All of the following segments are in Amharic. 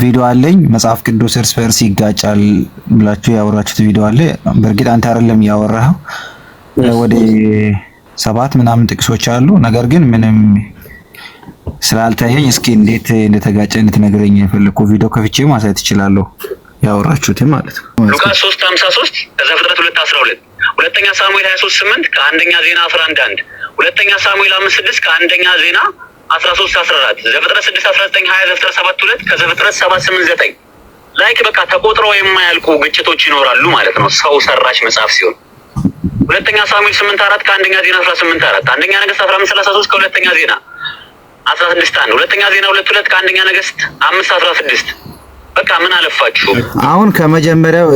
ቪዲዮ አለኝ መጽሐፍ ቅዱስ እርስ በርስ ይጋጫል ብላችሁ ያወራችሁት ቪዲዮ አለ። በእርግጥ አንተ አይደለም ያወራኸው፣ ወደ ሰባት ምናምን ጥቅሶች አሉ። ነገር ግን ምንም ስላልታየኝ እስኪ እንዴት እንደተጋጨ እንድትነግረኝ የፈለግኩ ቪዲዮ ከፍቼ ማሳየት እችላለሁ። ያወራችሁት ማለት ነው ሉቃስ ከዘፍጥረት ሁለተኛ ሳሙኤል 23 8 ከአንደኛ ዜና 11 1 ሁለተኛ ሳሙኤል 5 ከአንደኛ ዜና አስራ ሶስት አስራ አራት ዘፍጥረት ስድስት አስራ ዘጠኝ ሀያ ዘፍጥረት ሰባት ሁለት ከዘፍጥረት ሰባት ስምንት ዘጠኝ ላይክ በቃ ተቆጥረው የማያልቁ ግጭቶች ይኖራሉ ማለት ነው ሰው ሰራሽ መጽሐፍ ሲሆን ሁለተኛ ሳሙኤል ስምንት አራት ከአንደኛ ዜና አስራ ስምንት አራት አንደኛ ነገስት አስራ አምስት ሰላሳ ሶስት ከሁለተኛ ዜና አስራ ስድስት አንድ ሁለተኛ ዜና ሁለት ሁለት ከአንደኛ ነገስት አምስት አስራ ስድስት በቃ ምን አለፋችሁ አሁን ከመጀመሪያው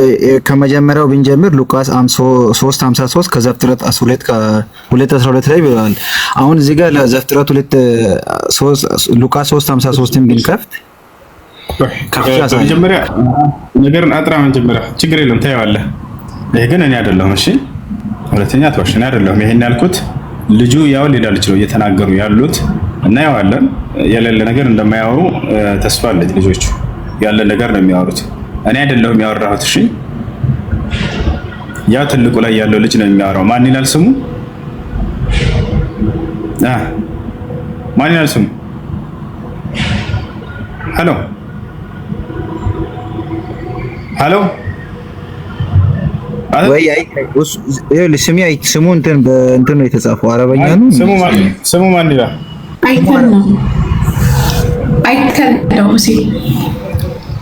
ከመጀመሪያው ብንጀምር ሉቃስ 3:53 ከዘፍጥረት 12 ከ2:12 ላይ ብለዋል። አሁን እዚህ ጋር ለዘፍጥረት 2 ሉቃስ 3:53ን ብንከፍት መጀመሪያ ነገርን አጥራ መጀመሪያ ችግር የለም ታየዋለህ። ይሄ ግን እኔ አይደለሁም። እሺ ሁለተኛ ተወሽ እኔ አይደለሁም። ይሄን ያልኩት ልጁ ያው ሌላ ልጅ ነው እየተናገሩ ያሉት እና ያው ያዋለን የሌለ ነገር እንደማያወሩ ተስፋ አለኝ ልጆቹ ያለ ነገር ነው የሚያወሩት። እኔ አይደለሁም ያወራሁት። እሺ ያ ትልቁ ላይ ያለው ልጅ ነው የሚያወራው። ማን ይላል ስሙ? አህ ማን ይላል ስሙ? ሄሎ ሄሎ ስሙ እንትን በእንትን ነው የተጻፈው። አረበኛ ነው ስሙ። ማን ስሙ ማን ይላል አይተን ነው አይተን ነው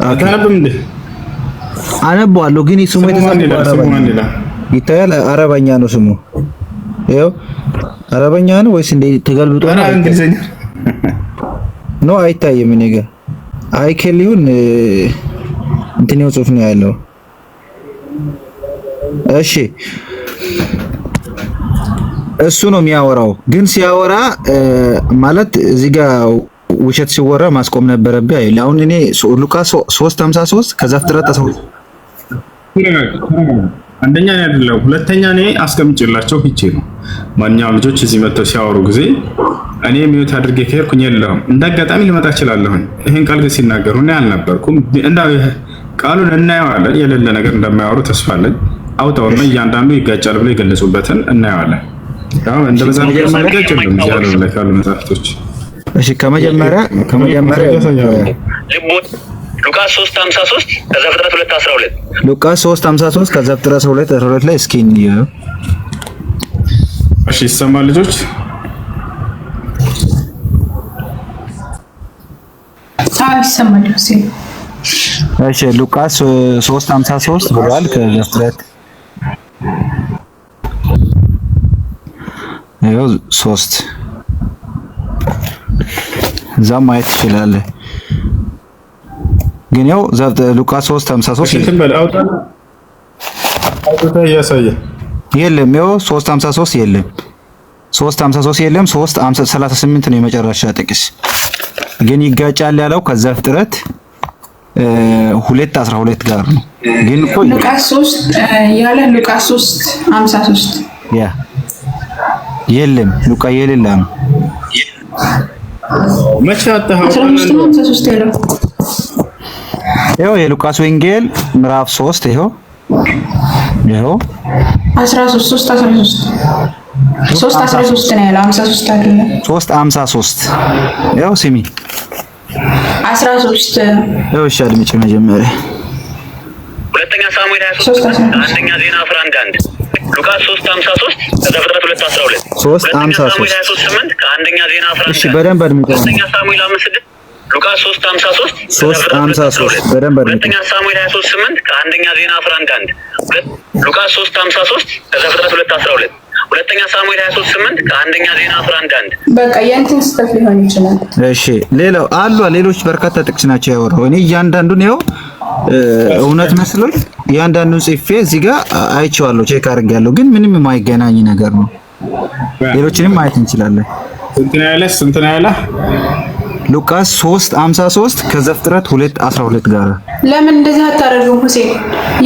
አታነብም እንዴ? አነባለሁ ግን ስሙ ይታያል። አረበኛ ነው ስሙ። ይኸው አረበኛ ነው ወይስ እንደ ተገልብጦ ነው? እንግሊዘኛ ነው። አይታየም። እኔ ጋር አይከል ይሁን እንትን ነው ጽሑፍ ነው ያለው። እሺ እሱ ነው የሚያወራው። ግን ሲያወራ ማለት እዚህ ጋር ውሸት ሲወራ ማስቆም ነበረብህ አይደል? አሁን እኔ ሉቃስ 3:53 ከዛፍ ፍጥረት አንደኛ ነው ያለው። ሁለተኛ እኔ አስቀምጬላቸው ሂቼ ነው ማንኛውም ልጆች እዚህ መጥተው ሲያወሩ ጊዜ እኔ ሚዩት አድርጌ ከሄድኩኝ የለሁም እንዳጋጣሚ ልመጣ እችላለሁኝ። ይህን ቃል ግን ሲናገሩ እኔ አልነበርኩም። እንዳ ቃሉን እናየዋለን። የሌለ ነገር እንደማያወሩ ተስፋ አለኝ። ነው እያንዳንዱ ይጋጫል ብሎ የገለጹበትን እናየዋለን። እንደበዛ ነገር ማጋጭ የለም ያሉ መጽሐፍቶች እሺ ከመጀመሪያ ከመጀመሪያ ሉቃስ 3:53 ከዘፍጥረት 2:12 ሉቃስ 3:53 ከዘፍጥረት 2:12 ላይ እስኪ እንየው። እሺ ይሰማል ልጆች? እሺ ሉቃስ 3:53 ብሏል ከዘፍጥረት ይኸው 3 እዛም ማየት ትችላለህ። ግን ያው ሉቃስ 3 53 የለም፣ ያው 3 353 የለም፣ 353 የለም፣ 38 ነው የመጨረሻ ጥቅስ። ግን ይጋጫል ያለው ከዛ ፍጥረት ሁለት 12 ጋር ነው። ግን እኮ ሉቃስ 3 ያለ ሉቃስ 3 53 ያ የለም፣ ሉቃ የሌላ ነው መቼ አጣኸው? ይኸው የሉቃስ ወንጌል ምዕራፍ 3 ይኸው ይኸው 13 3 13 ሶስት አስራ ነው ያለው። ሀምሳ አይደለም፣ ሶስት ሀምሳ ሶስት ስሚ አስራ ሶስት እሺ፣ አድምጪ መጀመሪያ ሁለተኛ ሳሙኤል ሀያ አንደኛ ዜና አስራ ሉቃስ 353 ከዛ ፍጥረት 212 ከአንደኛ ዜና እሺ፣ በደንብ አድምጡ። ሁለተኛ ሳሙኤል 5 ሉቃስ 353 353 በደንብ አድምጡ። ሁለተኛ ሳሙኤል ከአንደኛ ዜና 11 አንድ ሉቃስ ሁለተኛ ሳሙኤል ስምንት ከአንደኛ ዜና 11 በቃ የእንትን ስተፍ ሊሆን ይችላል። እሺ፣ ሌላው አሉ ሌሎች በርካታ ጥቅስ ናቸው ያወራው እኔ እያንዳንዱን ይኸው እውነት መስሎኝ እያንዳንዱን ጽፌ እዚህ ጋር አይቼዋለሁ፣ ቼክ አድርጌያለሁ። ግን ምንም የማይገናኝ ነገር ነው። ሌሎችንም ማየት እንችላለን። ስንት ነው ያለ? ስንት ነው ያለ? ሉቃስ 53 ከዘፍጥረት 12 ጋር ለምን እንደዚህ አታደርጉም? ሁሴን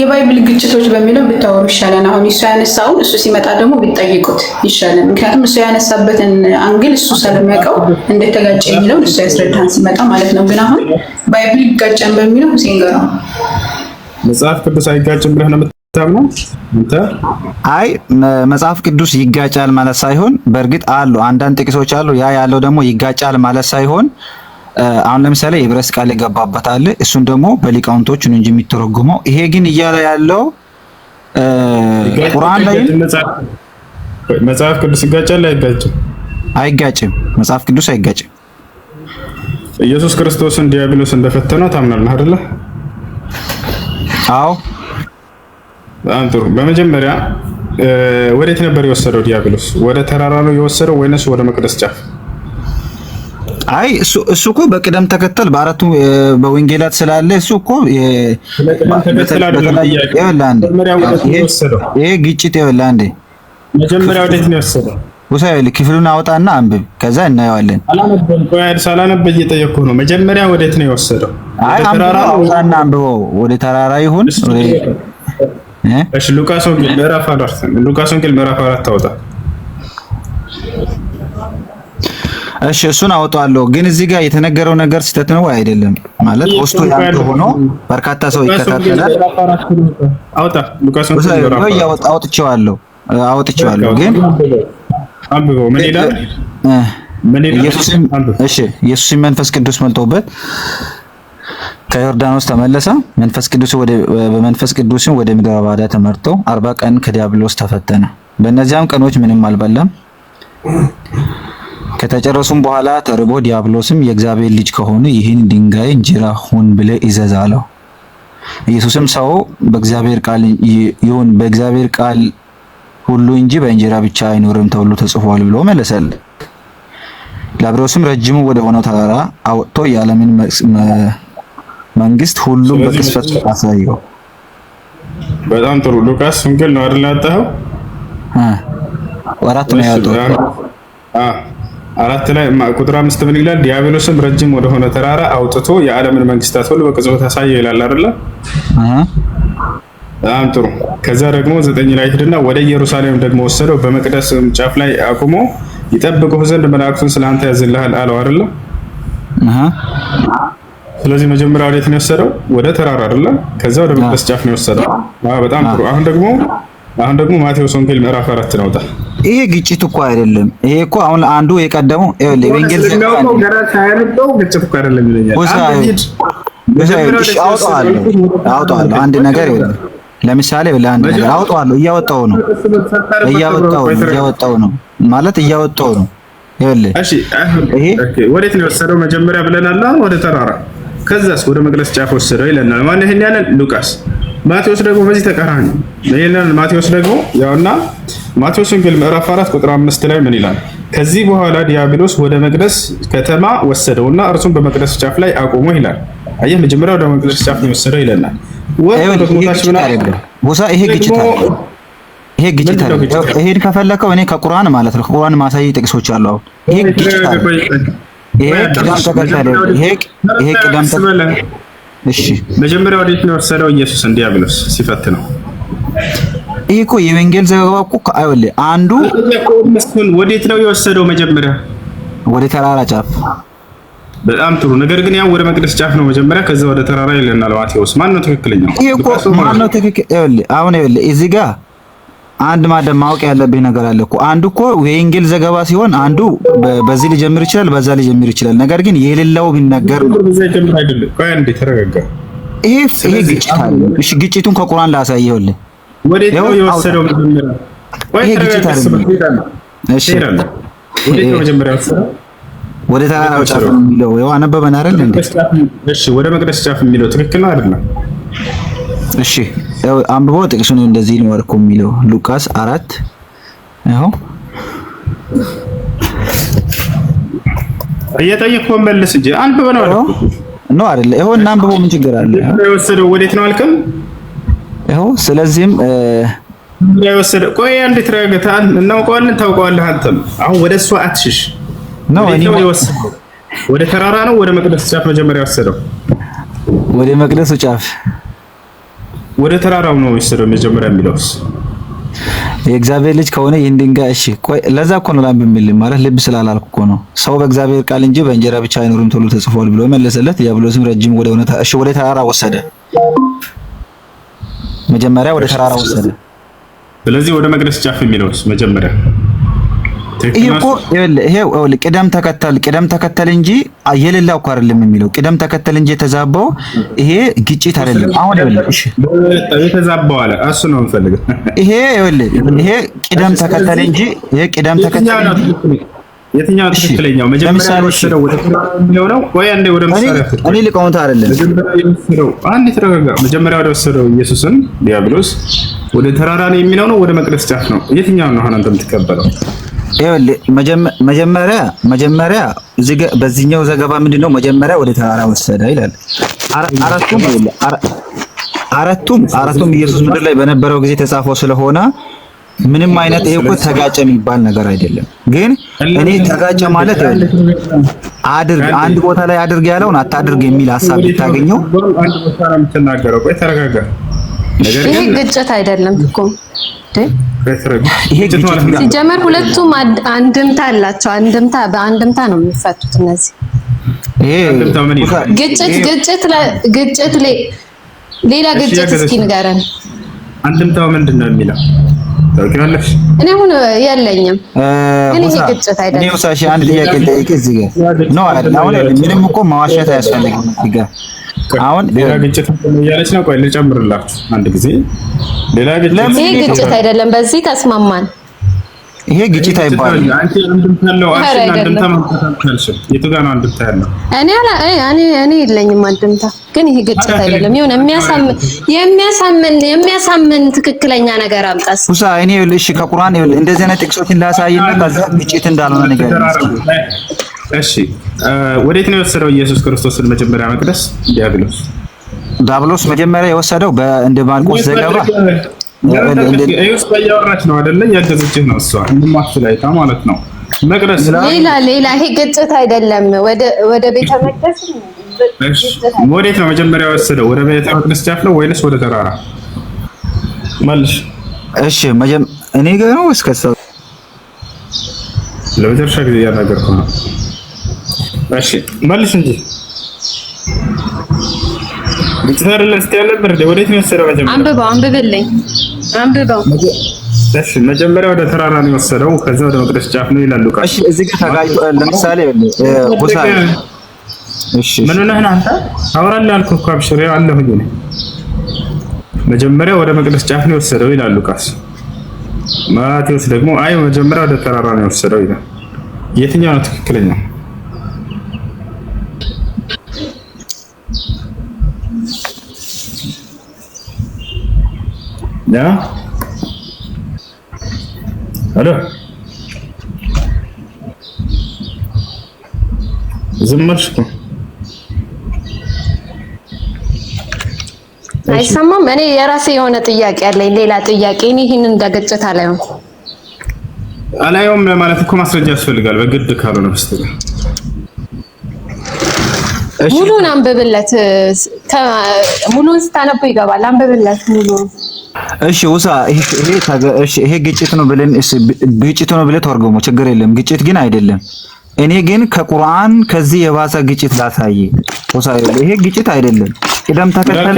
የባይብል ግጭቶች በሚለው ብታወሩ ይሻለን። አሁን እሱ ያነሳውን እሱ ሲመጣ ደግሞ ቢጠይቁት ይሻላል። ምክንያቱም እሱ ያነሳበትን አንግል እሱ ስለሚያውቀው እንደተጋጨ የሚለውን እሱ ያስረዳን ሲመጣ ማለት ነው። ግን አሁን ባይብል ይጋጨን በሚለው ሁሴን ጋር መጽሐፍ ቅዱስ አይጋጭም ብለህ ነው አይ መጽሐፍ ቅዱስ ይጋጫል ማለት ሳይሆን በእርግጥ አሉ አንዳንድ ጥቅሶች አሉ። ያ ያለው ደግሞ ይጋጫል ማለት ሳይሆን አሁን ለምሳሌ የብረስ ቃል ይገባበታል። እሱን ደግሞ በሊቃውንቶች ነው እንጂ የሚተረጉመው። ይሄ ግን እያለ ያለው ቁርአን ላይ መጽሐፍ ቅዱስ ይጋጫል አይጋጭም? አይጋጭም። መጽሐፍ ቅዱስ አይጋጭም። ኢየሱስ ክርስቶስን ዲያብሎስ እንደፈተነው ታምናለህ አይደለ? አዎ በጣም ጥሩ። በመጀመሪያ ወዴት ነበር የወሰደው ዲያብሎስ? ወደ ተራራ ነው የወሰደው ወይንስ ወደ መቅደስ ጫፍ? አይ እሱ እኮ በቅደም ተከተል በአራቱ በወንጌላት ስላለ እሱ እኮ ይሄ ግጭት ይኸውልህ፣ አንዴ መጀመሪያ ወዴት ነው የወሰደው? ውሳይል ክፍሉን አውጣና አንብብ፣ ከዛ እናየዋለን። ሳላነብ እየጠየኩ ነው። መጀመሪያ ወዴት ነው የወሰደው? አይ አውጣና አንብበው። ወደ ተራራ ይሁን እሺ ሉቃስ ወንጌል ምዕራፍ 4 ሉቃስ ወንጌል ምዕራፍ 4 አውጣ። እሺ እሱን አወጣዋለሁ፣ ግን እዚህ ጋር የተነገረው ነገር ስህተት ነው አይደለም ማለት ውስጡ ያንተ ሆኖ በርካታ ሰው ይከታተላል። አውጣ ሉቃስ ወንጌል ምዕራፍ አራት አውጥቼዋለሁ፣ አውጥቼዋለሁ ግን አንብበው ምን ይላል? ኢየሱስ እሺ ኢየሱስም መንፈስ ቅዱስ መልቶበት ከዮርዳኖስ ተመለሰ። መንፈስ ቅዱስ ወደ በመንፈስ ቅዱስ ወደ ምድረ በዳ ተመርቶ አርባ ቀን ከዲያብሎስ ተፈተነ። በእነዚያም ቀኖች ምንም አልበላም። ከተጨረሱም በኋላ ተርቦ ዲያብሎስም የእግዚአብሔር ልጅ ከሆነ ይህን ድንጋይ እንጀራ ሁን ብለ እዘዝ አለው። ኢየሱስም ሰው በእግዚአብሔር ቃል ይሁን በእግዚአብሔር ቃል ሁሉ እንጂ በእንጀራ ብቻ አይኖርም ተብሎ ተጽፏል ብሎ መለሰል። ዲያብሎስም ረጅሙ ወደ ሆነው ተራራ አወጥቶ የዓለምን መንግስት ሁሉም በቅስፈት አሳየው። በጣም ጥሩ ሉቃስ ስንክል ነው አይደል? ያጣኸው? አራት ነው ያወጣው። አራት ላይ ቁጥር አምስት ምን ይላል? ዲያብሎስም ረጅም ወደ ሆነ ተራራ አውጥቶ የዓለምን መንግስታት ሁሉ በቅጽበት አሳየው ይላል አይደለ? በጣም ጥሩ። ከዛ ደግሞ ዘጠኝ ላይ ሄድና ወደ ኢየሩሳሌም ደግሞ ወሰደው፣ በመቅደስ ጫፍ ላይ አቁሞ ይጠብቁህ ዘንድ መላእክቱን ስለአንተ ያዝልሃል አለው አይደለ? ስለዚህ መጀመሪያ ወዴት ነው የወሰደው? ወደ ተራራ አይደለ? ከዛ ወደ መቅደስ ጫፍ ነው የወሰደው። በጣም ጥሩ። አሁን ደግሞ አሁን ደግሞ ማቴዎስ ወንጌል ምዕራፍ አራት ነው። ይሄ ግጭት እኮ አይደለም። ይሄ እኮ አሁን አንዱ የቀደመው ወንጌል ግጭት እኮ አይደለም ይለኛል። አውጣዋለሁ አንድ ነገር ለምሳሌ ለአንድ ነገር አውጣዋለሁ። እያወጣው ነው እያወጣው ነው እያወጣው ነው ማለት እያወጣው ነው። ይሄ ወዴት ነው የወሰደው መጀመሪያ ብለናል። ወደ ተራራ ከዛስ ወደ መቅደስ ጫፍ ወሰደው ይለናል። ማን ይሄን ያለን? ሉቃስ። ማቴዎስ ደግሞ በዚህ ተቃራኒ ይለናል። ማቴዎስ ደግሞ ያውና ማቴዎስ ወንጌል ምዕራፍ 4 ቁጥር 5 ላይ ምን ይላል? ከዚህ በኋላ ዲያብሎስ ወደ መቅደስ ከተማ ወሰደውና እርሱም በመቅደስ ጫፍ ላይ አቆሞ ይላል። አየህ፣ መጀመሪያ ወደ መቅደስ ጫፍ ነው የወሰደው ይለናል። ይሄ ግጭት አለ። ይሄ ግጭት አለ። ይሄን ከፈለከው እኔ ከቁርአን ማለት ነው ቁርአን ማሳይ ጥቅሶች አሉ። አሁን ይሄ ግጭት አለ። ይሄ ቅዳም ተከተለው። ይሄ ይሄ ቅዳም ተከተለው። እሺ መጀመሪያ ወዴት ነው የወሰደው? ኢየሱስ እንዲያብሎስ ሲፈት ነው። ይሄ እኮ የወንጌል ዘገባ እኮ አይወል አንዱ እሱን ወዴት ነው የወሰደው? መጀመሪያ ወደ ተራራ ጫፍ። በጣም ጥሩ ነገር ግን ያው ወደ መቅደስ ጫፍ ነው መጀመሪያ፣ ከዛ ወደ ተራራ ይለናል ማቴዎስ። ማን ነው ትክክለኛው? ይሄ እኮ ማን ነው ትክክል? አይወል አሁን አይወል እዚህ ጋር አንድ ማደም ማወቅ ያለብህ ነገር አለ እኮ። አንዱ እኮ የወንጌል ዘገባ ሲሆን አንዱ በዚህ ሊጀምር ይችላል፣ በዛ ሊጀምር ይችላል። ነገር ግን የሌለው ቢነገር ነው። ይሄ ግጭት አለ። እሺ ግጭቱን ከቁርአን ላሳየውልህ። ወዴት ነው የወሰደው? መጀመሪያ ይሄ ግጭት አለ። እሺ ወደ ተራራው ጫፍ የሚለው ያው አነበበን አይደል እንዴ? እሺ ወደ መቅደስ ጫፍ የሚለው ትክክል አይደለም። እሺ አንብቦ ጥቅሱ ነው እንደዚህ ነው የሚለው ሉቃስ አራት ይኸው እየጠየቅኩ መልስ እንጂ አንብበ ነው አልኩ ነው አይደለ? ይኸው እና አንብቦ ምን ችግር አለ? የወሰደው ወዴት ነው አልከም? ይኸው ስለዚህም ወሰደ። ቆይ አንዴ ተረጋግተ። እናውቀዋለን፣ ታውቀዋለህ። አንተም አሁን ወደ እሷ አትሽሽ ነው የወሰደው። ወደ ተራራ ነው ወደ መቅደስ ጫፍ መጀመሪያ ወሰደው፣ ወደ መቅደሱ ጫፍ ወደ ተራራው ነው የወሰደው። መጀመሪያ የሚለውስ የእግዚአብሔር ልጅ ከሆነ ይህን ድንጋይ እሺ፣ ቆይ ለዛ እኮ ነው ላም በሚል ማለት ልብ ስላላልኩ እኮ ነው። ሰው በእግዚአብሔር ቃል እንጂ በእንጀራ ብቻ አይኖርም ተብሎ ተጽፏል ብሎ መለሰለት። ዲያብሎስም ረጅም ወደ ሆነ እሺ፣ ወደ ተራራ ወሰደ። መጀመሪያ ወደ ተራራ ወሰደ። ስለዚህ ወደ መቅደስ ጫፍ የሚለውስ መጀመሪያ ቅደም ተከተል ቅደም ተከተል እንጂ የሌላ እኮ አይደለም የሚለው ቅደም ተከተል እንጂ የተዛባው ይሄ ግጭት አይደለም። አሁን አለ ነው የምፈልገው። ይሄ ይሄ ቅደም ተከተል እንጂ ይሄ ቅደም ተከተል የትኛው ትክክለኛው መጀመሪያ ወሰደው ነው ወይ? አንዴ ወደ አይደለም። አንዴ ተረጋጋ። መጀመሪያ ወደ ወሰደው ኢየሱስን ዲያብሎስ ወደ ተራራ ነው የሚለው ነው ወደ መቅደስ ጫፍ ነው የትኛው ነው? አሁን አንተ የምትቀበለው መጀመሪያ መጀመሪያ በዚህኛው ዘገባ ምንድን ነው መጀመሪያ ወደ ተራራ ወሰደ ይላል። አራቱም አራቱም አራቱም ኢየሱስ ምድር ላይ በነበረው ጊዜ ተጻፈው ስለሆነ ምንም አይነት ይሄ እኮ ተጋጨ የሚባል ነገር አይደለም። ግን እኔ ተጋጨ ማለት አድርግ አንድ ቦታ ላይ አድርግ ያለውን አታድርግ የሚል ሀሳብ ብታገኘው ይሄ ግጭት አይደለም እኮ ሲጀመር ሁለቱም አንድምታ አላቸው። አንድምታ በአንድምታ ነው የሚፈቱት። እነዚህ ግጭት ግጭት ግጭት ሌላ ግጭት እስኪ ንገረን። አንድምታው ምንድን ነው የሚለው ታውቂዋለሽ? እኔ አሁን የለኝም። እኔ ግጭት አይደለም። እኔ ውሳሽ አንድ ጥያቄ ልጠይቅ እዚህ ጋር ነው አሁን ምንም እኮ ማዋሸት አያስፈልግም እዚህ ጋር አሁን ሌላ ግጭት እያለች ነው። ቆይ ልጨምርላችሁ አንድ ጊዜ ሌላ ግጭት። ግጭት አይደለም፣ በዚህ ተስማማን። ይሄ ግጭት አይባልም። አንቺ አንድምታ ያለው አንድምታ ማከታተልሽ የቱ አንድምታ ያለው? እኔ አላ እኔ እኔ የለኝም አንድምታ። ግን ይሄ ግጭት አይደለም። ይሁን የሚያሳምን የሚያሳምን የሚያሳምን ትክክለኛ ነገር አምጣስ ሙሳ። እኔ እሺ ከቁርአን እንደዚህ አይነት ጥቅሶችን ላሳይና ከዛ ግጭት እንዳልሆነ ነገር እሺ። ወዴት ነው የወሰደው ኢየሱስ ክርስቶስን መጀመሪያ መቅደስ ዲያብሎስ ዳብሎስ መጀመሪያ የወሰደው በእንደ ማርቆስ ዘገባ ዩስ እያወራች ነው አይደለ? ያገዘችህ ነው እሷ እንድማሽ ላይ ማለት ነው። መቅደስ ሌላ ሌላ፣ ይሄ ግጭት አይደለም። ወደ ቤተ መቅደስ ወዴት ነው መጀመሪያ ወሰደው? ወደ ቤተ መቅደስ ጫፍ ነው ወይንስ ወደ ተራራ መልሽ? እሺ መጀመ እኔ ጋር ነው እስከ ሰው ለመጨረሻ ጊዜ እያናገርኩ ነው። እሺ መልሽ እንጂ ግጭት አይደለም ስትይ አልነበር? ወዴት ነው የወሰደው መጀመሪያ? አንብበው አንብብልኝ እሺ መጀመሪያ ወደ ተራራ ነው የወሰደው፣ ከዛ ወደ መቅደስ ጫፍ ነው ይላሉ። ቃል እሺ፣ እዚህ ጋር ተጋጭቶ ለምሳሌ ቦታ እሺ፣ ምን ሆነህ ነህ አንተ? አወራለሁ አልኩህ እኮ አብሽር፣ አለሁኝ እኔ። መጀመሪያ ወደ መቅደስ ጫፍ ነው የወሰደው ይላሉ። ቃስ ማቴዎስ ደግሞ አይ መጀመሪያ ወደ ተራራ ነው የወሰደው ይላል። የትኛው ነው ትክክለኛው? ሄሎ ዝም አልሽ አይሰማም። እኔ የራሴ የሆነ ጥያቄ አለኝ፣ ሌላ ጥያቄ። እኔ እንደ እንደገጨት አላየውም አላየውም ማለት እኮ ማስረጃ ያስፈልጋል። በግድ ካልሆነ በስተቀር ሙሉን አንብብለት። ሙሉን ስታነበው ይገባል። አንብብለት ሙሉን እሺ ውሳ ይሄ እሺ ይሄ ግጭት ነው ብለን እሺ ግጭት ነው ብለህ ተወርገሞ ችግር የለም ግጭት ግን አይደለም። እኔ ግን ከቁርአን ከዚህ የባሰ ግጭት ላሳይ። ውሳ ይሄ ግጭት አይደለም። ቅደም ተከተል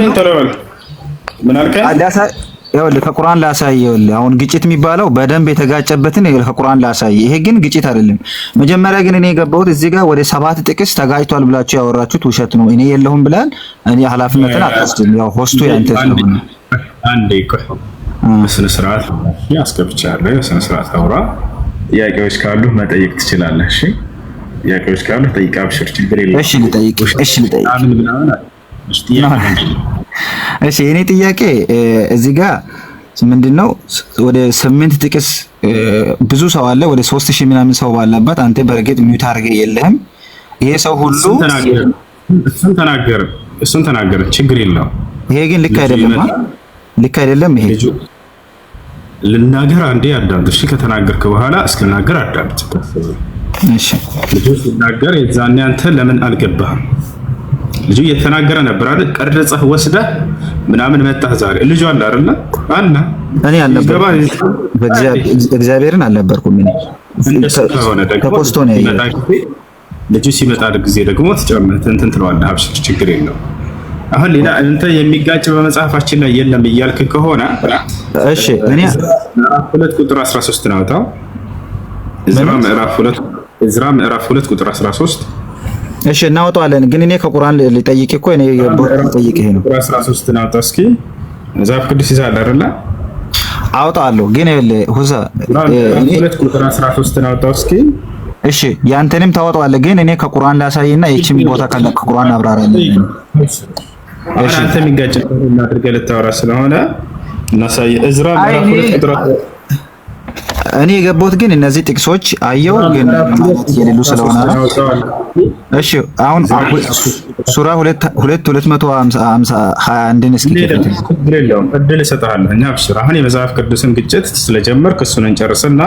ይኸውልህ ከቁርአን ላሳይ። ይኸውልህ አሁን ግጭት የሚባለው በደንብ የተጋጨበትን ይኸውልህ ከቁርአን ላሳይ። ይሄ ግን ግጭት አይደለም። መጀመሪያ ግን እኔ የገባሁት እዚህ ጋር ወደ ሰባት ጥቅስ ተጋጭቷል ብላችሁ ያወራችሁት ውሸት ነው። እኔ የለሁም ብላል። እኔ ኃላፊነትን አትወስድም። ያው ሆስቱ ያንተ ስለሆነ አንዴ ቆይ፣ ስነ ስርዓት አስገብቻለሁ። ስነ ስርዓት አውራ። ጥያቄዎች ካሉ መጠየቅ ትችላለህ። እሺ፣ ጥያቄዎች ካሉ ጠይቃ፣ ብሽር፣ ችግር የለም። እሺ ልጠይቅ፣ እሺ ልጠይቅ እሺ የኔ ጥያቄ እዚህ ጋር ምንድነው ወደ ስምንት ጥቅስ ብዙ ሰው አለ፣ ወደ ሶስት ሺህ ምናምን ሰው ባለበት አንተ በእርግጥ ሚዩት አድርገህ የለህም። ይሄ ሰው ሁሉ እሱን ተናገረ እሱን ተናገረ፣ ችግር የለው። ይሄ ግን ልክ አይደለም፣ ልክ አይደለም። ይሄ ልናገር አንዴ አዳምጥ። እሺ ከተናገርክ በኋላ እስክናገር አዳምጥ። እሺ ልጁ ሲናገር የዛኔ አንተ ለምን አልገባህም? ልጁ እየተናገረ ነበር አይደል? ቀርጸህ ወስደህ ምናምን መጣህ ዛሬ። ልጁ አለ አይደለ? አና እኔ አልነበርኩም፣ እግዚአብሔርን አልነበርኩም። ተፖስቶ ነው ልጁ ሲመጣ ጊዜ ደግሞ ተጨመተ እንትን ትለዋለህ። አብሽር፣ ችግር የለው። አሁን ሌላ እንተ የሚጋጭ በመጽሐፋችን ላይ የለም እያልክ ከሆነ እሺ፣ እኔ ሁለት ቁጥር 13 ነው ታው ዕዝራ ምዕራፍ ሁለት ዕዝራ ምዕራፍ ሁለት ቁጥር 13 እሺ እናወጣዋለን። ግን እኔ ከቁርአን ልጠይቅ እኮ እኔ ልጠይቅ ይሄ ነው ቁርአን 13 ነው። እስኪ መጽሐፍ ቅዱስ ይዛል አይደለ? አውጣለሁ። ግን ይኸውልህ ሁዛ እኔ ሁለት ቁርአን 13 ነው። እስኪ እሺ፣ ያንተንም ታወጣዋለህ። ግን እኔ ከቁርአን ላሳይና ይቺም ቦታ ካለ ከቁርአን አብራራለሁ። እሺ አንተ የሚጋጭ እናድርገህ ልታወራ ስለሆነ እናሳይ። እዝራ ምዕራፍ 2 ቁጥር እኔ የገባሁት ግን እነዚህ ጥቅሶች አየው ግን የሌሉ ስለሆነ ነው። እሺ አሁን ሱራ 2 251 እስኪ እድል እሰጥሃለሁ። እኛ አብሽር፣ አሁን የመጽሐፍ ቅዱስን ግጭት ስለጀመርክ እሱን እንጨርስና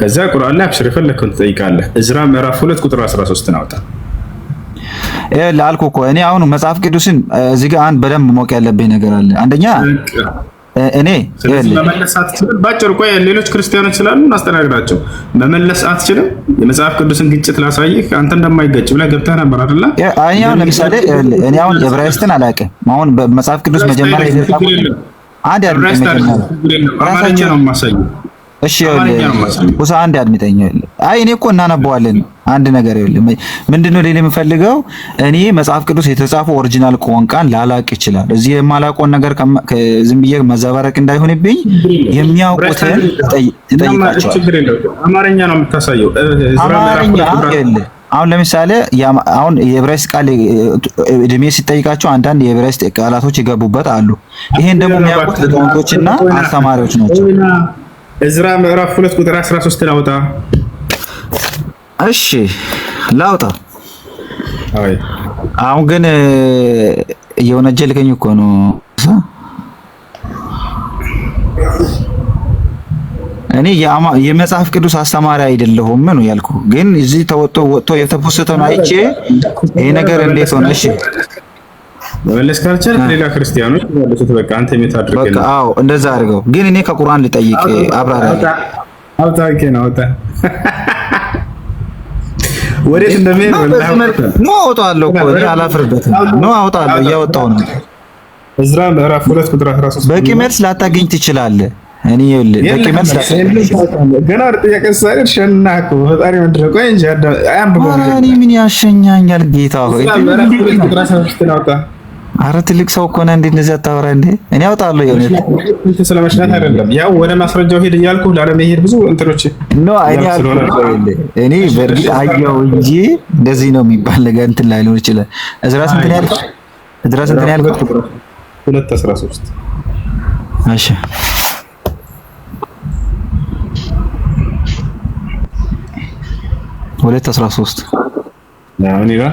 ከዚያ ቁርአን ላይ አብሽር የፈለግከውን ትጠይቃለህ። እዝራ ምዕራፍ 2 ቁጥር 13 አውጣ። አልኩ እኮ እኔ አሁን መጽሐፍ ቅዱስን እዚህ ጋር አንድ በደንብ ማወቅ ያለብኝ ነገር አለ። አንደኛ እኔ መመለስ አትችልም። ባጭሩ ቆይ፣ ሌሎች ክርስቲያኖች ስላሉ እናስተናግዳቸው። መመለስ አትችልም። የመጽሐፍ ቅዱስን ግጭት ላሳይህ። አንተ እንደማይገጭ ብለህ ገብተህ ነበር አይደለ? ለምሳሌ እኔ አሁን ዕብራይስጥን አላውቅም። አሁን መጽሐፍ ቅዱስ መጀመሪያ አንድ ራሳቸው ነው የማሳየው እሺ ውሳ አንድ አድምጠኝ። አይ እኔ እኮ እናነበዋለን። አንድ ነገር ይኸውልህ፣ ምንድነው ሌላ የምፈልገው እኔ መጽሐፍ ቅዱስ የተጻፈው ኦሪጂናል ቋንቋን ላላቅ ይችላል። እዚህ የማላውቀውን ነገር ዝም ብዬ መዘባረቅ እንዳይሆንብኝ የሚያውቁትን ትጠይቃቸዋል። አማርኛ ነው የምታሳየው። አማርኛ አሁን ለምሳሌ አሁን የዕብራይስጥ ቃል እድሜ ሲጠይቃቸው አንዳንድ የዕብራይስጥ ቃላቶች ይገቡበት አሉ። ይሄን ደግሞ የሚያውቁት ሊቃውንቶችና አስተማሪዎች ናቸው። እዝራ ምዕራፍ ሁለት ቁጥር 13 ላውጣ። እሺ ላውጣ። አሁን ግን እየወነጀልከኝ እኮ ነው። እኔ የመጽሐፍ ቅዱስ አስተማሪ አይደለሁም ነው ያልኩ። ግን እዚህ ተወጥቶ ወጥቶ ነው አይቼ ይሄ ነገር እንዴት ሆነ? እሺ በመለስ ካልቸር ሌላ ክርስቲያኖች ያለሱት በቃ አንተ የምታደርገው በቃ አዎ፣ እንደዛ አድርገው። ግን እኔ ከቁርአን ልጠይቅ አብራራ። አውጣ ነው አውጣ፣ ወዴት እንደሚሄድ ነው አውጣለሁ እኮ እኔ አላፍርበትም። ነው አውጣለሁ፣ እያወጣሁ ነው። እዝራ ምዕራፍ 2 ቁጥር 13 በቂ መልስ ላታገኝ ትችላለህ። እኔ ይኸውልህ በቂ መልስ ገና ወደ ጥያቄ ሳይድ ሸናኩ ፈጣሪ ምንድን ነው? ቆይ እንጂ አያም ብሎ ምን ያሸኛኛል ጌታ ሆይ አረ ትልቅ ሰው እኮ ነህ። እንዴት እንደዚህ አታወራ እንዴ? እኔ አውጣለሁ። የሆነ እንትን ስለመሽናት አይደለም፣ ያው ወደ ማስረጃው ሄድ እያልኩ ላለመሄድ ብዙ እንትኖች ኖ አይኔ እኔ እኔ በእርግጥ አየው እንጂ እንደዚህ ነው የሚባል ነገር እንትን ላይ ሊሆን ይችላል። እዝራስ ስንት ያልኩ እዝራስ እዝራ ያልኩ ሁለት አስራ ሦስት እሺ ሁለት አስራ ሦስት እኔ ጋር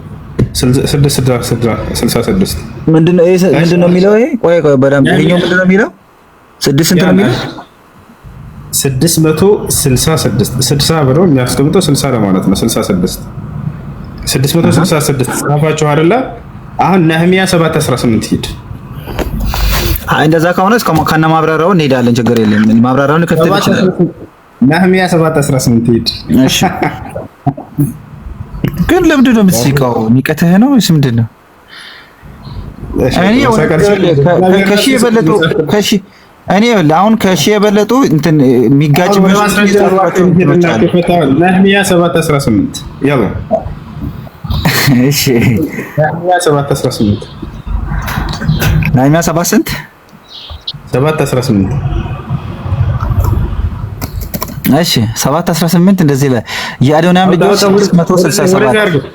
ምንድነው የሚለው? ይሄ ቆይ ቆይ በደምብ ይሄኛው ምንድነው የሚለው? ስድስት ስንት ነው የሚለው? ስድስት መቶ ስልሳ ስድስት ስልሳ ብለው የሚያስቀምጠው ስልሳ ለማለት ነው። ስልሳ ስድስት ስድስት መቶ ስልሳ ስድስት ጻፋችሁ አይደለ? አሁን ነህሚያ ሰባት አስራ ስምንት ሂድ። እንደዛ ከሆነ ከነ ማብራሪያው እንሄዳለን። ችግር የለም። ማብራሪያውን ልከትል ይችላል። ነህሚያ ሰባት አስራ ስምንት ሂድ። እሺ ግን ለምንድን ነው የምትስቀው? የሚቀትህ ነው ወይስ ምንድን ነው? እኔ አሁን ከሺ የበለጡ እንትን የሚጋጭ ነህምያ 718 ያው እሺ፣ ነህምያ 718 እሺ 7 18 እንደዚህ ላይ የአዶናይም ልጆች 667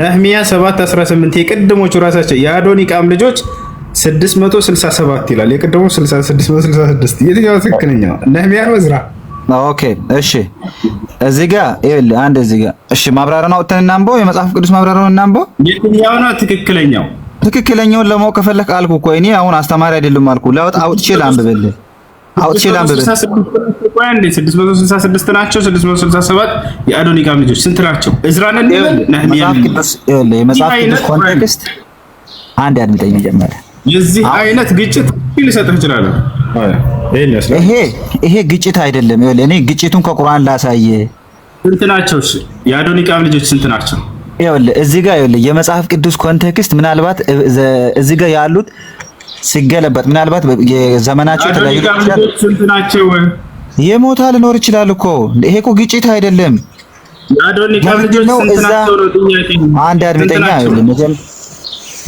ነህሚያ 7 18 የቅድሞቹ ራሳቸው የአዶኒቃም ልጆች 667 ይላል። የቅድሞ 666 የትኛው ትክክለኛ ነህሚያ ወዝራ? ኦኬ እሺ፣ እዚህ ጋር ይል አንድ እዚህ ጋር እሺ፣ ማብራሪያውን አውጥተን እናንበው። የመጽሐፍ ቅዱስ ነው እናንበው። የትኛው ነው ትክክለኛው? ትክክለኛውን ለማወቅ ከፈለክ አልኩ እኮ እኔ አሁን አስተማሪ አይደለም አልኩ። ላውጥ አውጥቼ ላንብብልህ አውጥቼ ላንብብ። 666 ናቸው 667 የአዶኒቃም ልጆች ስንት ናቸው? እዝራን እንበል የመጽሐፍ ቅዱስ ኮንቴክስት አንድ አድምጠኝ መጀመሪያ። የዚህ አይነት ግጭት ሊሰጥህ ይሄ ይሄ ግጭት አይደለም። እኔ ግጭቱን ከቁርአን ላሳየ። ስንት ናቸው? የአዶኒቃም ልጆች ስንት ናቸው? ይኸውልህ እዚህ ጋር ይኸውልህ የመጽሐፍ ቅዱስ ኮንቴክስት ምናልባት እዚህ ጋር ያሉት ሲገለበጥ ምናልባት ዘመናቸው የተለያዩ ስንት ናቸው? የሞታ ልኖር ይችላል እኮ ይሄ እኮ ግጭት አይደለም። አንድ አድምጠኛ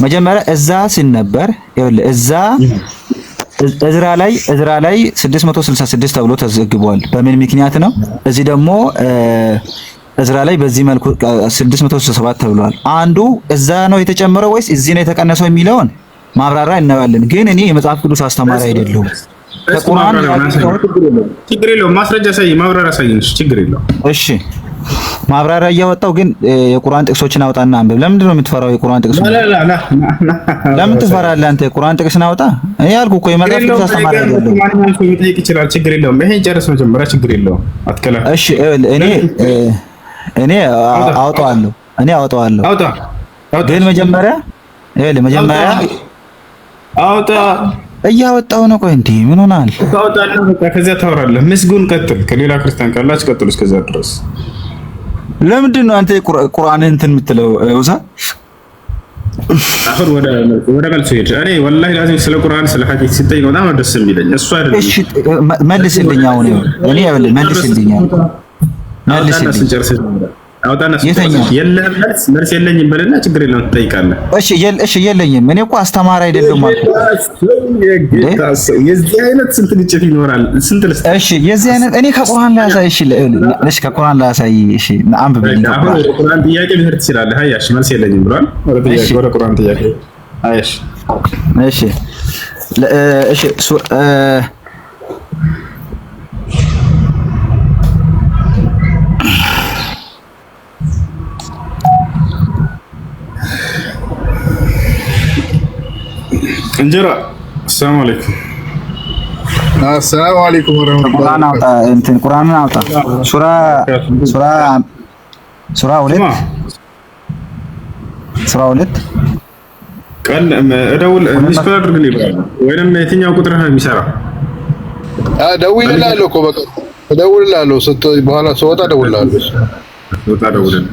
መጀመሪያ እዛ ሲነበር እዛ እዝራ ላይ እዝራ ላይ 666 ተብሎ ተዘግቧል። በምን ምክንያት ነው? እዚህ ደግሞ እዝራ ላይ በዚህ መልኩ 667 ተብሏል። አንዱ እዛ ነው የተጨመረው ወይስ እዚህ ነው የተቀነሰው የሚለውን ማብራሪያ እናያለን። ግን እኔ የመጽሐፍ ቅዱስ አስተማሪ አይደለሁም። ከቁርአን ችግር የለውም። ማስረጃ ሳይ ማብራሪያ ሳይንስ ችግር የለውም። እሺ ማብራሪያ እያወጣው ግን የቁርአን ጥቅሶችን አውጣና አንብብ። ለምንድን ነው የምትፈራው? የቁርአን ጥቅሶች ለምን ትፈራለህ አንተ? የቁርአን ጥቅስን አውጣ። እኔ አልኩህ እኮ የመጽሐፍ ቅዱስ አስተማሪ አይደለሁም። ጠይቅ ይችላል። ችግር የለውም። ይሄን ጨርስ መጀመሪያ። ችግር የለውም። አትከላ። እሺ እኔ እኔ አውጣዋለሁ። እኔ አውጣዋለሁ። ግን መጀመሪያ ይሄ መጀመሪያ አውጣ እያወጣው ነው። ቆይ እንዴ ምን ሆናል? ከዚያ ታወራለህ። ምስጉን ቀጥል። ከሌላ ክርስቲያን ካላችሁ ቀጥሉ። እስከዛ ድረስ ለምንድን ነው አንተ ቁርአንህን እንትን የምትለው? ውሳ አሁን ወደ መልሱ ሄድ። እኔ ወላሂ ላዚም ስለ ቁርአን ስለ ሐዲስ ሲጠይቅ በጣም ደስ የሚለኝ እሱ አይደለም። እሺ መልስልኝ። አሁን እኔ መልስልኝ፣ መልስልኝ አውጣና መልስ የለኝም በልና ችግር የለውም ትጠይቃለህ። እሺ የለኝም እኔ እኮ አስተማሪ አይደለም ማለት የዚህ አይነት ስንት ግጭት ይኖራል። ስንት ልስ እሺ የዚህ አይነት እኔ ከቁርአን ላይ እሺ እሺ ከቁርአን ላይ እሺ አንብብ። ቁርአን ጥያቄ ልሄድ ትችላለህ። ሀያ መልስ የለኝም ብሏል። ወደ ቁርአን ጥያቄ ሀያ እሺ እሺ እንጀራ ሰላም አለይኩም አሰላሙ አለይኩም ወራህመቱላሂ አውጣ እንትን ቁርአን አውጣ ሱራ ሱራ ሱራ ሁለት ሱራ ሁለት ቀን እደውል ሚስጥር አድርግልኝ ወይንም የትኛው ቁጥር ነው የሚሰራ እደውልልሃለሁ እኮ በቃ እደውልልሃለሁ በኋላ ስወጣ እደውልልሃለሁ ስወጣ እደውልልህ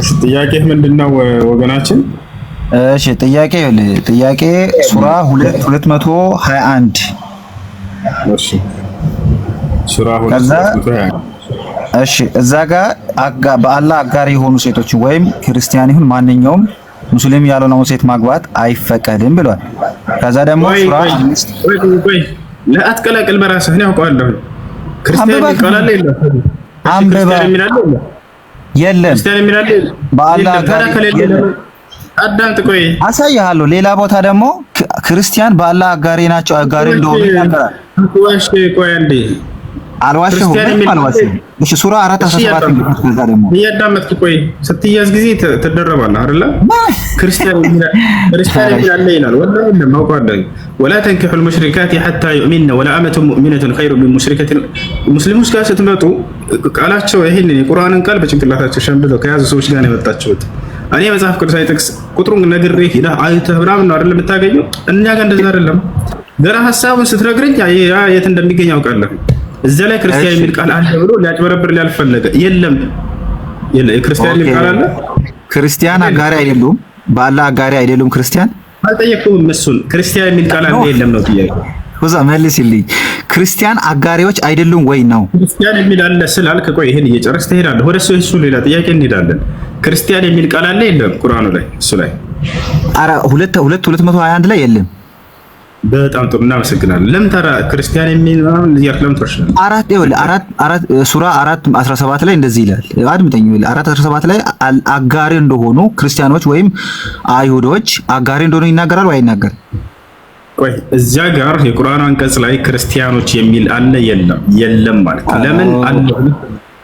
እሺ ጥያቄህ ምንድን ነው ወገናችን እሺ ጥያቄ ይል ጥያቄ ሱራ 2 221 እሺ ሱራ 221 እሺ እዛ ጋር አጋ በአላህ አጋር የሆኑ ሴቶች ወይም ክርስቲያን ይሁን ማንኛውም ሙስሊም ያልሆነውን ሴት ማግባት አይፈቀድም ብሏል። ከዛ ደግሞ ሱራ ለአትቀላቅል በራስህ ነው አውቀዋለሁ። ክርስቲያን ይቀላል የለም አንብባ የለም ክርስቲያን የሚላል በአላህ አዳምጥ ቆይ አሳይሃለሁ። ሌላ ቦታ ደግሞ ክርስቲያን በአላህ አጋሪ ናቸው አጋሪ እንደሆነ ይናገራል። ዋሽ ቆይ አንዴ አልዋሸሁም። እሺ ሱራ አራት ከዛ ደግሞ እያዳመጥክ ቆይ። ስትያዝ ጊዜ ትደረባለህ አይደለ? ክርስቲያን ክርስቲያን ይላል ይላል አውቃለሁ። ወላ ተንኪሑ ልሙሽሪካት ዩእሚንነ ወላ አመቱ ሙእሚነቱን ኸይሩ ሚን ሙሽሪከትን። ሙስሊሞች ጋር ስትመጡ ቃላቸው ይህንን የቁርአንን ቃል በጭንቅላታቸው ሸምድለው ከያዙ ሰዎች ጋር ነው የመጣችሁት እኔ መጽሐፍ ቅዱስ ጥቅስ ቁጥሩን ነግሬ ሄዳ አይተ ብራም ነው አይደል የምታገኘው። እኛ ጋር እንደዛ አይደለም። ገና ሀሳቡን ስትነግረኝ የት እንደሚገኝ አውቃለሁ። እዛ ላይ ክርስቲያን የሚል ቃል አለ ብሎ ሊያጭበረብር ሊያልፈለገ የለም። ክርስቲያን የሚል ቃል አለ። ክርስቲያን አጋሪ አይደሉም፣ ባላ አጋሪ አይደሉም። ክርስቲያን አልጠየቅኩም። እሱን ክርስቲያን የሚል ቃል አለ የለም ነው ጥያቄ። ዛ መልስልኝ። ክርስቲያን አጋሪዎች አይደሉም ወይ ነው ክርስቲያን የሚል አለ ስላልክ፣ ቆይ ይሄን እየጨረስ ትሄዳለህ ወደ እሱ። ሌላ ጥያቄ እንሄዳለን ክርስቲያን የሚል ቃል አለ የለም? ቁርአኑ ላይ እሱ ላይ ኧረ ሁለት ሁለት 221 ላይ የለም። በጣም ጥሩ እናመሰግናለን። ለምን ታዲያ ክርስቲያን የሚል ማለት እያልክ ለምን ትረሻለህ? አራት ይወል አራት አራት ሱራ አራት 17 ላይ እንደዚህ ይላል። አድምጠኝ ይወል አራት 17 ላይ አጋሪ እንደሆኑ ክርስቲያኖች ወይም አይሁዶች አጋሪ እንደሆኑ ይናገራል ወይ አይናገርም? ቆይ እዚያ ጋር የቁርአን አንቀጽ ላይ ክርስቲያኖች የሚል አለ የለም? የለም ማለት ለምን አለ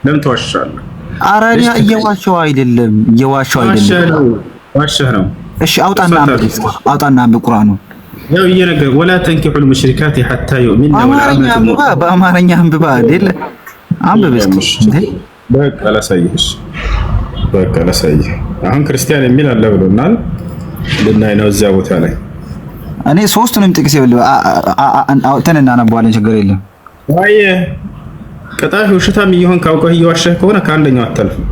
ለምን ተዋሻለህ? አረ እየዋሸው አይደለም፣ እየዋሸው አይደለም። ዋሸህ ነው። እሺ አውጣና አውጣና ቁርአኑ ያው እየነገር ወላ ተንኪሑል ሙሽሪካት ሐታ ዩእሚን። አንብባ፣ በአማርኛ አንብባ አይደል? አንብብ በቃ ላሳይሽ፣ በቃ አሁን ክርስቲያን የሚል አለ ብሎናል። ልናይ ነው እዚያ ቦታ ላይ እኔ ሶስቱንም ጥቅስ ይብል ተን እናነባዋለን። ችግር የለም። አየ ቀጣፊ ውሸታም እየሆን ካውቀህ እየዋሸህ ከሆነ ከአንደኛው አታልፍም።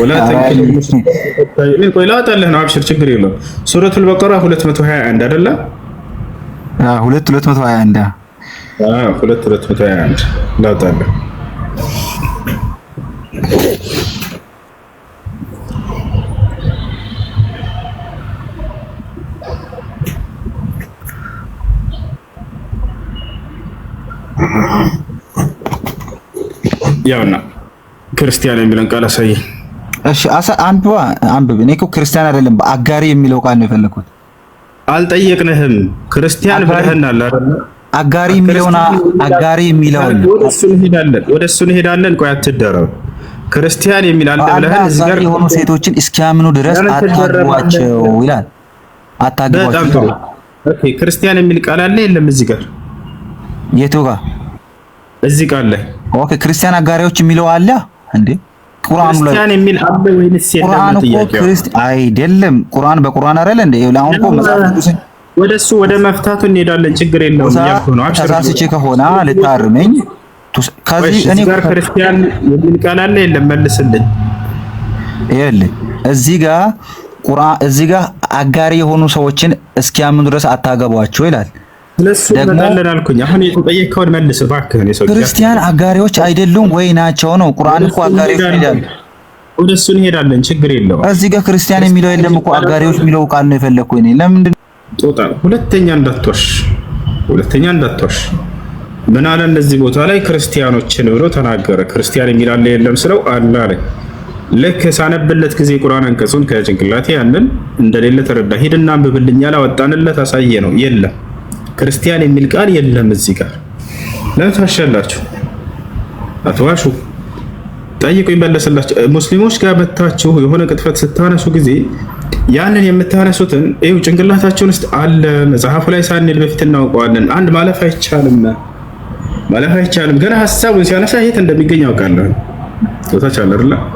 ወላ ተንኪል ቆይ ላወጣልህ ነው። አብሽር ችግር የለውም። ሱረቱል በቀራ 221 አይደለ? አዎ 2221 አዎ 2221 ላወጣልህ ያውና ክርስቲያን የሚለን ቃል አሳየኝ። እሺ አሳ አንብባ አንብብ። እኔ እኮ ክርስቲያን አይደለም አጋሪ የሚለው ቃል ነው የፈለኩት። አልጠየቅንህም። ክርስቲያን ብለህናል አይደል? አጋሪ የሚለውና አጋሪ የሚለው ወደሱ እንሄዳለን፣ ወደሱ እንሄዳለን። ቆይ አትደረብ። ክርስቲያን የሚል አለ ብለህን እዚህ ጋር የሆኑ ሴቶችን እስኪያምኑ ድረስ አታግቧቸው ይላል። አታግቧቸው። ኦኬ ክርስቲያን የሚል ቃል አለ የለም? እዚህ ጋር የቱ ጋር? እዚህ ቃል ላይ ኦኬ ክርስቲያን አጋሪዎች የሚለው አለ እንዴ? ቁርአኑ ላይ ክርስቲያን የሚል አለ ወይንስ የለም? ጥያቄው አይደለም። ቁርአን በቁርአን አይደል እንዴ? አሁን እኮ መጽሐፍ ቅዱስ ወደሱ ወደ መፍታቱ እንሄዳለን። ችግር የለውም። ያልኩ ነው። ተሳስቼ ከሆነ ልታርመኝ። ከዚህ እኔ ጋር ክርስቲያን የሚል ቃል አለ የለም? መልስልኝ። ይኸውልህ እዚህ ጋር ቁርአን እዚህ ጋር አጋሪ የሆኑ ሰዎችን እስኪያምኑ ድረስ አታገቧቸው ይላል። ክርስቲያን አጋሪዎች አይደሉም ወይ ናቸው? ነው ቁርአን እኮ አጋሪዎች ይላል። ወደ እሱ እንሄዳለን፣ ችግር የለውም። እዚህ ጋር ክርስቲያን የሚለው የለም እኮ አጋሪዎች የሚለው ቃል ነው የፈለግኩኝ እኔ። ለምንድን ጦጣ ሁለተኛ እንዳትዋሽ፣ ሁለተኛ እንዳትዋሽ። ምን አለ እነዚህ ቦታ ላይ ክርስቲያኖችን ብሎ ተናገረ። ክርስቲያን የሚላለ የለም ስለው አለ አለ። ልክ ሳነብለት ጊዜ ቁርአን አንቀጹን ከጭንቅላቴ ያንን እንደሌለ ተረዳ። ሂድና አንብብልኛ፣ አላወጣንለት አሳየ ነው የለም ክርስቲያን የሚል ቃል የለም እዚህ ጋር። ለታሻላችሁ አትዋሹ፣ ጠይቁ ይመለስላችሁ። ሙስሊሞች ጋር መታችሁ የሆነ ቅጥፈት ስታነሱ ጊዜ ያንን የምታነሱትን ይኸው ጭንቅላታችሁን ውስጥ አለ። መጽሐፉ ላይ ሳንል በፊት እናውቀዋለን። አንድ ማለፍ አይቻልም፣ ማለፍ አይቻልም። ገና ሀሳቡን ሲያነሳ የት እንደሚገኝ ያውቃለሁ። ቶታች አለ